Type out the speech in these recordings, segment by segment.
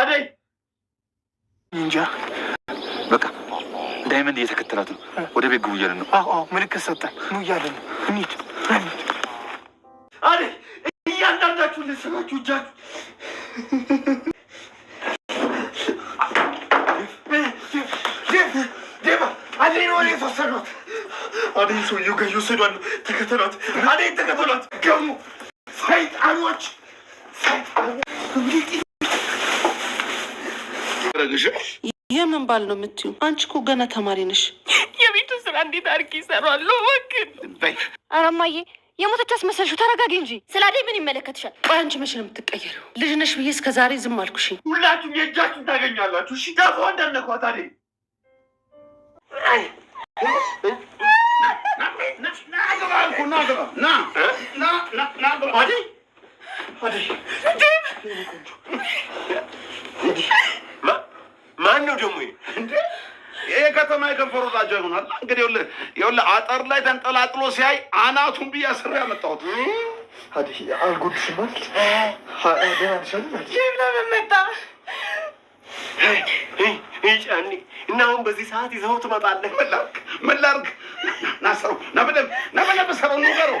አደይ እንጃ በቃ ዳይመንድ እየተከተላት ነው። ወደ ቤት ግቡ እያለን ነው። አዎ ምልክት ሰጠን። ኑ እያለን ነው። እንሂድ። አደይ እያንዳንዳችሁ ልስራችሁ እጃችሁ አደይ ነው የተወሰዷት። አደይ ሰውዬው ጋር የወሰዷት ተከተሏት፣ አደይ ተከተሏት። ገሙ ሰይጣኖች፣ ሰይጣኖች ምን ባል ነው የምትዩ? አንቺ እኮ ገና ተማሪ ነሽ። የቤቱ ስራ እንዴት አድርጌ ይሰራለሁ? ወግን አረማዬ የሞተች አስመሰልሹ። ተረጋጊ እንጂ ስላዴ ምን ይመለከትሻል? ቆይ አንቺ መቼ ነው የምትቀየረው? ልጅ ነሽ ብዬ እስከ ዛሬ ዝም አልኩሽ። ሁላችሁም የእጃችሁን ታገኛላችሁ። እሺ ዳፎ እንዳነኳ ማን ነው ደግሞ ይሄ ከተማ የከንፈሩ ራጃ ይሆናል። እንግዲህ ይኸውልህ አጠር ላይ ተንጠላጥሎ ሲያይ አናቱን ብዬ አስሬ ያመጣሁት አልጎድሽ ማለት መጣ ይጫኒ እና አሁን በዚህ ሰዓት ይዘው ትመጣለህ። መላርክ መላርክ ናሰሩ ናበደም ናበደም ሰሩ ንገረው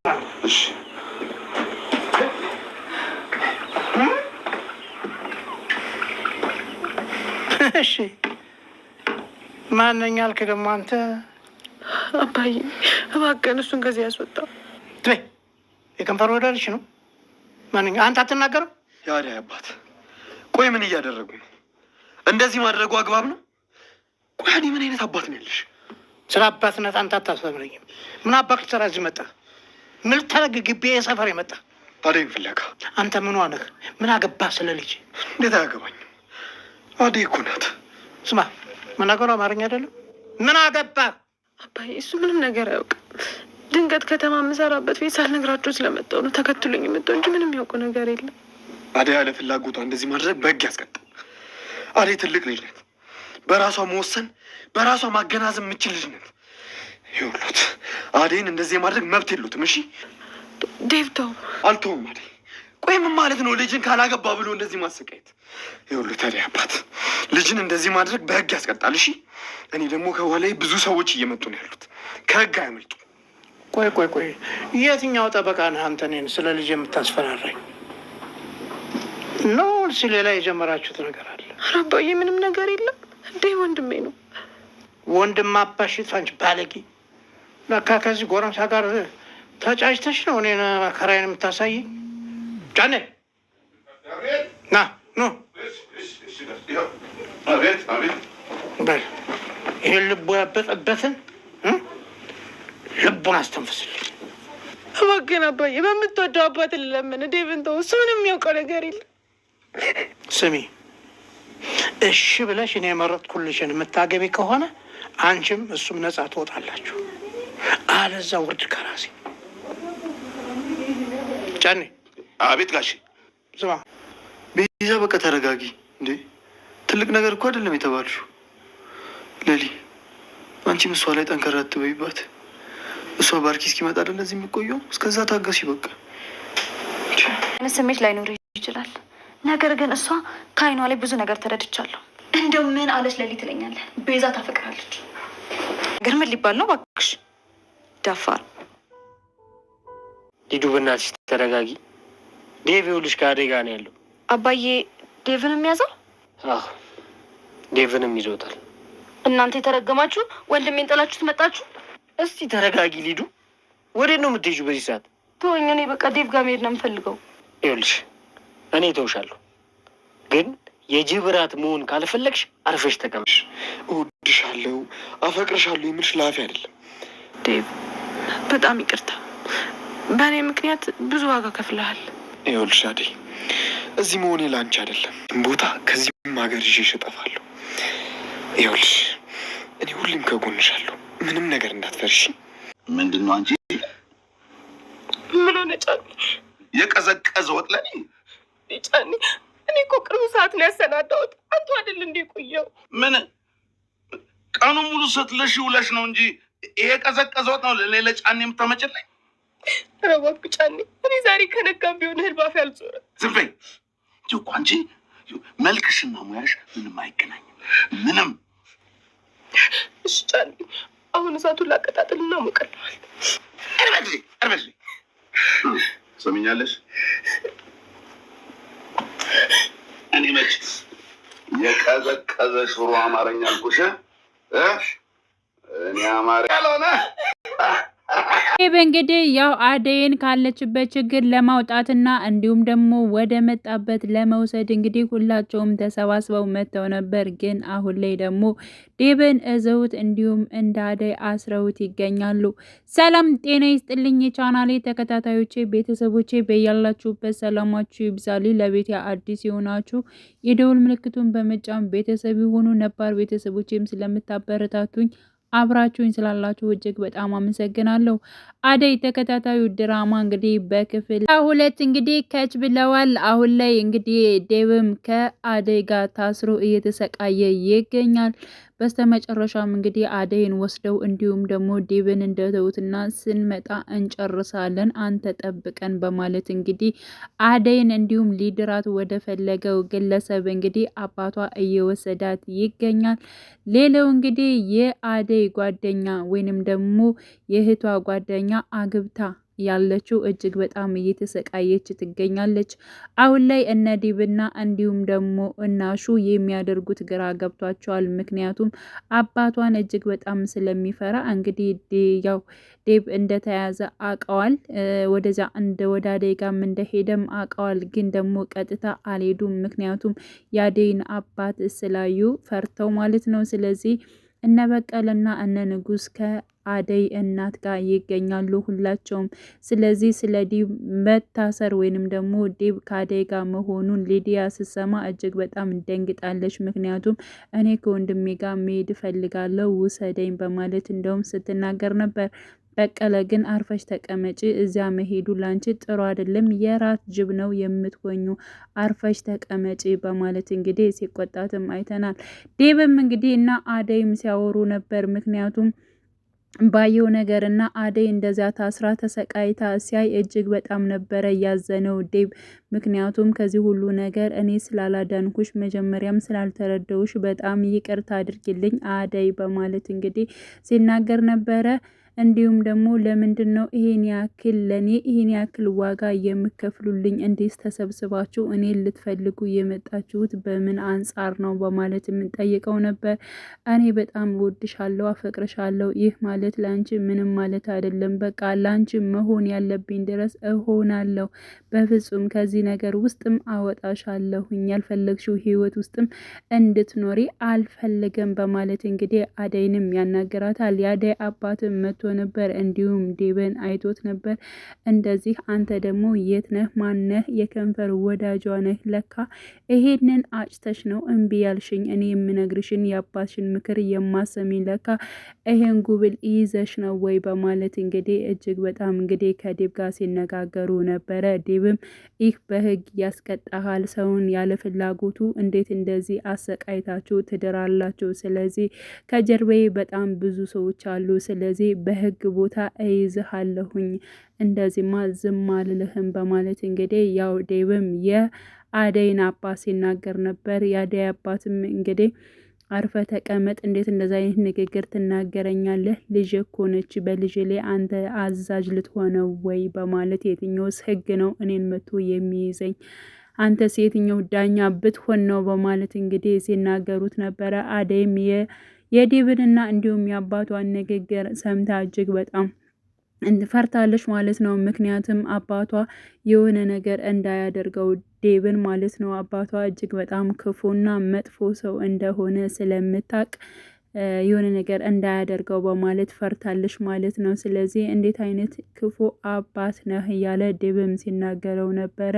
ማነኛ አልክ ደግሞ አንተ? አባዬ እባክህን እሱን ከዚህ ያስወጣ። ትበይ የከንፈር ወዳልሽ ነው። ማንኛ አንተ አትናገርም? የአደይ አባት ቆይ ምን እያደረጉ ነው? እንደዚህ ማድረጉ አግባብ ነው? ቆይ አደይ ምን አይነት አባት ነው ያለሽ? ስለ አባትነት አንተ አታስተምረኝም። ምን አባክ ስራ እዚህ መጣ? ምን ልታደርግ ግቢ የሰፈር የመጣ አደይን ፍለጋ? አንተ ምን ነህ? ምን አገባህ ስለ ልጅ? እንዴት አያገባኝም? አደይ እኮ ናት። ስማ መናገሩ አማርኛ አይደለም። ምን አገባ አባዬ? እሱ ምንም ነገር ያውቅ ድንገት ከተማ የምሰራበት ቤት ሳልነግራቸው ስለመጣሁ ነው ተከትሎኝ የመጣው እንጂ ምንም ያውቁ ነገር የለም። አደይ ያለ ፍላጎቷ እንደዚህ ማድረግ በግ ያስቀጣል። አደይ ትልቅ ልጅ ናት። በራሷ መወሰን፣ በራሷ ማገናዘብ የምችል ልጅ ናት። ይኸውልዎት አደይን እንደዚህ የማድረግ መብት የሉትም። እሺ ዴቭ ተው። አልተውም አደይ ቆይ ምን ማለት ነው? ልጅን ካላገባ ብሎ እንደዚህ ማሰቃየት። ይኸውልህ ታዲያ አባት ልጅን እንደዚህ ማድረግ በህግ ያስቀጣል። እሺ እኔ ደግሞ ከኋላዬ ብዙ ሰዎች እየመጡ ነው ያሉት፣ ከህግ አያመልጡ። ቆይ ቆይ ቆይ የትኛው ጠበቃ ነህ አንተ እኔን ስለ ልጅ የምታስፈራራኝ ነው? ሌላ የጀመራችሁት ነገር አለ? ኧረ አባዬ ምንም ነገር የለም። እንዴ ወንድሜ ነው ወንድም አባሽ ይጥፋንች ባለጌ። ለካ ከዚህ ጎረምሳ ጋር ተጫጭተሽ ነው እኔን መከራዬን የምታሳየኝ። ጫኔ ና ኑ ይህን ልቡ ያበጠበትን ልቡን አስተንፍስልኝ እባክህን አባዬ፣ በምትወደው አባት ልለምን እንዴ ብንተው እሱ ምንም የሚያውቀው ነገር የለም። ስሚ እሺ ብለሽ እኔ የመረጥኩልሽን የምታገቢ ከሆነ አንቺም እሱም ነፃ ትወጣላችሁ። አለዛ ውርድ ከራሴ ጨኔ አቤት ጋሽ ስማ፣ ቤዛ በቃ ተረጋጊ። እንዴ ትልቅ ነገር እኮ አይደለም የተባልሽው። ሌሊ አንቺም እሷ ላይ ጠንከራ ትበይባት። እሷ ባርኪ እስኪመጣ አይደለ እዚህ የሚቆየው? እስከዛ ታገሽ በቃ። ስሜት ላይኖር ይችላል፣ ነገር ግን እሷ ከአይኗ ላይ ብዙ ነገር ተረድቻለሁ። እንደው ምን አለች ሌሊ ትለኛለህ? ቤዛ ታፈቅራለች። ነገር ሊባል ነው እባክሽ? ደፋር ሊዱ፣ በእናትሽ ተረጋጊ። ዴቭ ይኸውልሽ ከአደይ ጋር ነው ያለው። አባዬ ዴቭንም ያዘው? አዎ ዴቭንም ይዞታል። እናንተ የተረገማችሁ ወንድሜን ጥላችሁት መጣችሁ። እስቲ ተረጋጊ ሊዱ። ወዴት ነው የምትሄጂው በዚህ ሰዓት? ተወኝ፣ እኔ በቃ ዴቭ ጋር መሄድ ነው የምፈልገው። ይኸውልሽ እኔ ተውሻለሁ፣ ግን የጅብራት መሆን ካልፈለግሽ አርፈሽ ተቀመሽ። እወድሻለሁ፣ አፈቅርሻለሁ የምልሽ ለአፌ አይደለም። ዴቭ በጣም ይቅርታ፣ በእኔ ምክንያት ብዙ ዋጋ ከፍለሃል። ይኸውልሽ አደይ፣ እዚህ መሆኔ ለአንቺ አይደለም። ቦታ ከዚህም ሀገር ይዤሽ እጠፋለሁ። ይኸውልሽ እኔ ሁሌም ከጎንሻለሁ። ምንም ነገር እንዳትፈርሺ። ምንድን ነው አንቺ? ምን ሆነ ጫኒ? የቀዘቀዘ ወጥ ለኔ ጫኒ። እኔ እኮ ቅርብ ሰዓት ነው ያሰናዳሁት። አንቱ አይደል እንዴ ቆየው? ምን ቀኑ ሙሉ ስትለሽ ውለሽ ነው እንጂ ይሄ ቀዘቀዘ ወጥ ነው ለሌለ ጫኔ የምታመጭልኝ ጫኔ እኔ ዛሬ ከነጋም ቢሆን እህል ባፌ አልዞረም። ዝም በይ እኮ አንቺ መልክሽና ሙያሽ ምንም አይገናኝም። ምንም እሺ፣ ጫኔ አሁን እሳቱን ላቀጣጥል እና ሞቅርነዋል። እርበት እርበት፣ ሰምኛለሽ? እኔ መች የቀዘቀዘ ሽሮ አማርኛ አልኩሽ። እኔ አማርኛ ያልሆነ ይህ እንግዲህ ያው አደይን ካለችበት ችግር ለማውጣትና እንዲሁም ደግሞ ወደ መጣበት ለመውሰድ እንግዲህ ሁላቸውም ተሰባስበው መጥተው ነበር። ግን አሁን ላይ ደግሞ ዴብን እዘውት እንዲሁም እንደ አደይ አስረውት ይገኛሉ። ሰላም ጤና ይስጥልኝ የቻናሌ ተከታታዮቼ ቤተሰቦቼ፣ በያላችሁበት ሰላማችሁ ይብዛል። ለቤት አዲስ የሆናችሁ የደውል ምልክቱን በመጫን ቤተሰብ የሆኑ ነባር ቤተሰቦቼም ስለምታበረታቱኝ አብራችሁኝ ስላላችሁ እጅግ በጣም አመሰግናለሁ። አደይ ተከታታዩ ድራማ እንግዲህ በክፍል ሁለት እንግዲህ ከች ብለዋል። አሁን ላይ እንግዲህ ዴብም ከአደይ ጋር ታስሮ እየተሰቃየ ይገኛል። በስተመጨረሻም እንግዲህ አደይን ወስደው እንዲሁም ደግሞ ዲብን እንደተውትና ስንመጣ እንጨርሳለን አንተ ጠብቀን በማለት እንግዲህ አደይን እንዲሁም ሊድራት ወደፈለገው ግለሰብ እንግዲህ አባቷ እየወሰዳት ይገኛል። ሌላው እንግዲህ የአደይ ጓደኛ ወይንም ደግሞ የእህቷ ጓደኛ አግብታ ያለችው እጅግ በጣም እየተሰቃየች ትገኛለች። አሁን ላይ እነ ዲብና እንዲሁም ደግሞ እናሹ የሚያደርጉት ግራ ገብቷቸዋል። ምክንያቱም አባቷን እጅግ በጣም ስለሚፈራ እንግዲህ ያው ዴብ እንደተያዘ አቀዋል። ወደዛ እንደ ወዳደይ ጋም እንደሄደም አቀዋል። ግን ደግሞ ቀጥታ አልሄዱም። ምክንያቱም የአደይን አባት ስላዩ ፈርተው ማለት ነው። ስለዚህ እነ እነ ንጉስ ከ አደይ እናት ጋር ይገኛሉ ሁላቸውም። ስለዚህ ስለ ዲብ መታሰር ወይንም ደግሞ ዲብ ከአደይ ጋር መሆኑን ሊዲያ ስትሰማ እጅግ በጣም ደንግጣለች። ምክንያቱም እኔ ከወንድሜ ጋር መሄድ እፈልጋለሁ ውሰደኝ በማለት እንደውም ስትናገር ነበር። በቀለ ግን አርፈሽ ተቀመጪ፣ እዚያ መሄዱ ላንቺ ጥሩ አይደለም፣ የራት ጅብ ነው የምትሆኙ፣ አርፈሽ ተቀመጪ በማለት እንግዲህ ሲቆጣትም አይተናል። ዴብም እንግዲህ እና አደይም ሲያወሩ ነበር ምክንያቱም ባየው ነገር እና አደይ እንደዚያ ታስራ ተሰቃይታ ሲያይ እጅግ በጣም ነበረ እያዘነው ዴብ። ምክንያቱም ከዚህ ሁሉ ነገር እኔ ስላላዳንኩሽ መጀመሪያም ስላልተረደውሽ በጣም ይቅርታ አድርጊልኝ አደይ በማለት እንግዲህ ሲናገር ነበረ። እንዲሁም ደግሞ ለምንድን ነው ይሄን ያክል ለእኔ ይሄን ያክል ዋጋ የምከፍሉልኝ? እንዴት ተሰብስባችሁ እኔ ልትፈልጉ የመጣችሁት በምን አንጻር ነው? በማለት የምንጠይቀው ነበር። እኔ በጣም ወድሻለሁ፣ አፈቅርሻለሁ። ይህ ማለት ለአንቺ ምንም ማለት አይደለም። በቃ ለአንቺ መሆን ያለብኝ ድረስ እሆናለሁ። በፍጹም ከዚህ ነገር ውስጥም አወጣሻለሁኝ። ያልፈለግሽው ህይወት ውስጥም እንድትኖሪ አልፈለገም በማለት እንግዲህ አደይንም ያናግራታል። የአደይ አባትም መጥቶ ነበር። እንዲሁም ዴብን አይቶት ነበር። እንደዚህ አንተ ደግሞ የት ነህ? ማነህ? የከንፈር ወዳጇ ነህ ለካ። ይሄንን አጭተሽ ነው እምቢ ያልሽኝ። እኔ የምነግርሽን የአባትሽን ምክር የማሰሚ ለካ ይሄን ጉብል ይዘሽ ነው ወይ? በማለት እንግዲህ እጅግ በጣም እንግዲህ ከዴብ ጋር ሲነጋገሩ ነበረ። ዴብም ይህ በህግ ያስቀጣሃል። ሰውን ያለ ፍላጎቱ እንዴት እንደዚህ አሰቃይታችሁ ትድራላችሁ? ስለዚህ ከጀርባዬ በጣም ብዙ ሰዎች አሉ። ስለዚህ በህግ ቦታ እይዝሃለሁኝ፣ እንደዚህማ ዝም አልልህም በማለት እንግዲህ ያው ዴብም የአደይን አባት ሲናገር ነበር። የአደይ አባትም እንግዲህ አርፈ ተቀመጥ፣ እንዴት እንደዚ አይነት ንግግር ትናገረኛለህ? ልጅ እኮ ነች። በልጅ ላይ አንተ አዛዥ ልትሆነው ወይ? በማለት የትኛውስ ህግ ነው እኔን መቶ የሚይዘኝ? አንተ የትኛው ዳኛ ብትሆን ነው? በማለት እንግዲህ ሲናገሩት ነበረ አደይም የዴብንና እንዲሁም የአባቷን ንግግር ሰምታ እጅግ በጣም ፈርታለች ማለት ነው። ምክንያቱም አባቷ የሆነ ነገር እንዳያደርገው ዴብን ማለት ነው። አባቷ እጅግ በጣም ክፉና መጥፎ ሰው እንደሆነ ስለምታቅ የሆነ ነገር እንዳያደርገው በማለት ፈርታለች ማለት ነው። ስለዚህ እንዴት አይነት ክፉ አባት ነህ እያለ ድብም ሲናገረው ነበረ።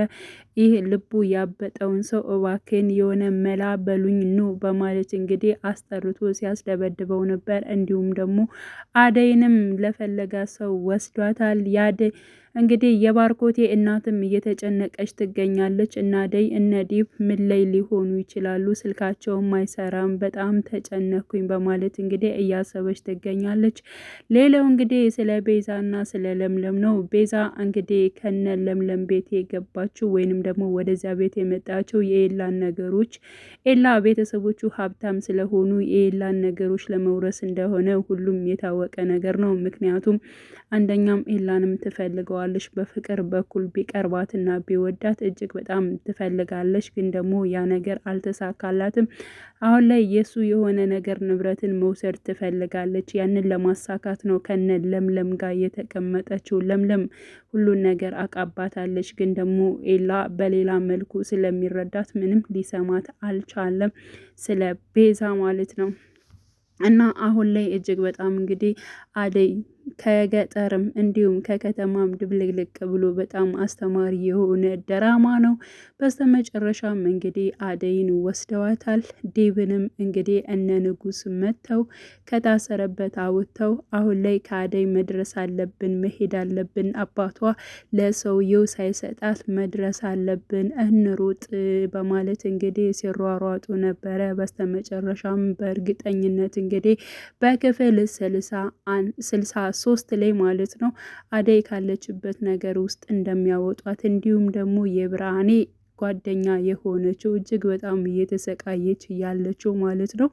ይህ ልቡ ያበጠውን ሰው እባክን የሆነ መላ በሉኝ ኑ በማለት እንግዲህ አስጠርቶ ሲያስደበድበው ነበር። እንዲሁም ደግሞ አደይንም ለፈለጋ ሰው ወስዷታል ያደ እንግዲህ የባርኮቴ እናትም እየተጨነቀች ትገኛለች። እናደይ እነዲብ ምን ላይ ሊሆኑ ይችላሉ? ስልካቸውም አይሰራም፣ በጣም ተጨነኩኝ በማለት እንግዲህ እያሰበች ትገኛለች። ሌላው እንግዲህ ስለ ቤዛና ስለ ለምለም ነው። ቤዛ እንግዲህ ከነ ለምለም ቤት የገባችው ወይንም ደግሞ ወደዚያ ቤት የመጣችው የኤላን ነገሮች ኤላ ቤተሰቦቹ ሀብታም ስለሆኑ የኤላን ነገሮች ለመውረስ እንደሆነ ሁሉም የታወቀ ነገር ነው። ምክንያቱም አንደኛም ኤላንም ትፈልገዋል ትወደዋለች። በፍቅር በኩል ቢቀርባትና ቢወዳት እጅግ በጣም ትፈልጋለች። ግን ደግሞ ያ ነገር አልተሳካላትም። አሁን ላይ የሱ የሆነ ነገር ንብረትን መውሰድ ትፈልጋለች። ያንን ለማሳካት ነው ከነ ለምለም ጋር የተቀመጠችው። ለምለም ሁሉን ነገር አቃባታለች። ግን ደግሞ ኤላ በሌላ መልኩ ስለሚረዳት ምንም ሊሰማት አልቻለም። ስለ ቤዛ ማለት ነው እና አሁን ላይ እጅግ በጣም እንግዲህ አደይ ከገጠርም እንዲሁም ከከተማም ድብልቅልቅ ብሎ በጣም አስተማሪ የሆነ ድራማ ነው። በስተመጨረሻም እንግዲህ አደይን ወስደዋታል። ዴብንም እንግዲህ እነ ንጉስ መጥተው ከታሰረበት አውጥተው አሁን ላይ ከአደይ መድረስ አለብን፣ መሄድ አለብን፣ አባቷ ለሰውየው ሳይሰጣት መድረስ አለብን፣ እንሩጥ በማለት እንግዲህ ሲሯሯጡ ነበረ። በስተመጨረሻም በእርግጠኝነት እንግዲህ በክፍል ስልሳ ሶስት ላይ ማለት ነው አደይ ካለችበት ነገር ውስጥ እንደሚያወጧት እንዲሁም ደግሞ የብርሃኔ ጓደኛ የሆነችው እጅግ በጣም እየተሰቃየች ያለችው ማለት ነው።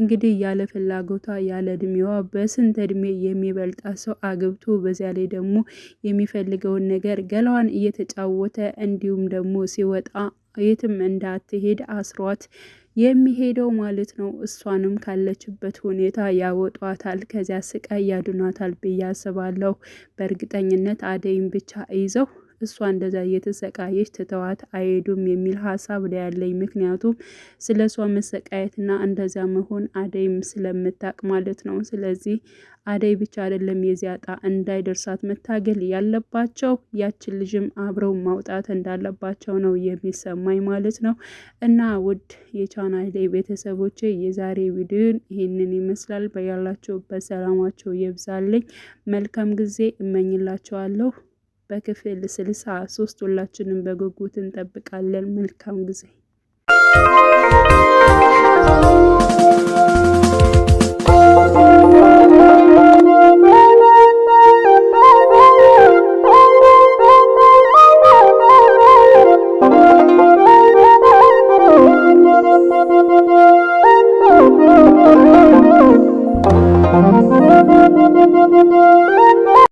እንግዲህ ያለ ፍላጎቷ ያለ እድሜዋ በስንት እድሜ የሚበልጣ ሰው አግብቶ በዚያ ላይ ደግሞ የሚፈልገውን ነገር ገላዋን እየተጫወተ እንዲሁም ደግሞ ሲወጣ የትም እንዳትሄድ አስሯት የሚሄደው ማለት ነው። እሷንም ካለችበት ሁኔታ ያወጧታል፣ ከዚያ ስቃይ ያድኗታል ብዬ አስባለሁ። በእርግጠኝነት አደይን ብቻ ይዘው እሷ እንደዛ እየተሰቃየች ትተዋት አይሄዱም የሚል ሀሳብ ላይ ያለኝ። ምክንያቱም ስለ እሷ መሰቃየትና እንደዛ መሆን አደይም ስለምታቅ ማለት ነው። ስለዚህ አደይ ብቻ አይደለም የዚያጣ እንዳይደርሳት መታገል ያለባቸው ያችን ልጅም አብረው ማውጣት እንዳለባቸው ነው የሚሰማኝ ማለት ነው። እና ውድ የቻናሌ ቤተሰቦች የዛሬ ቪዲዮን ይህንን ይመስላል። በያላቸው በሰላማቸው ይብዛልኝ። መልካም ጊዜ እመኝላቸዋለሁ። በክፍል ስልሳ ሶስት ሁላችንም በጉጉት እንጠብቃለን። መልካም ጊዜ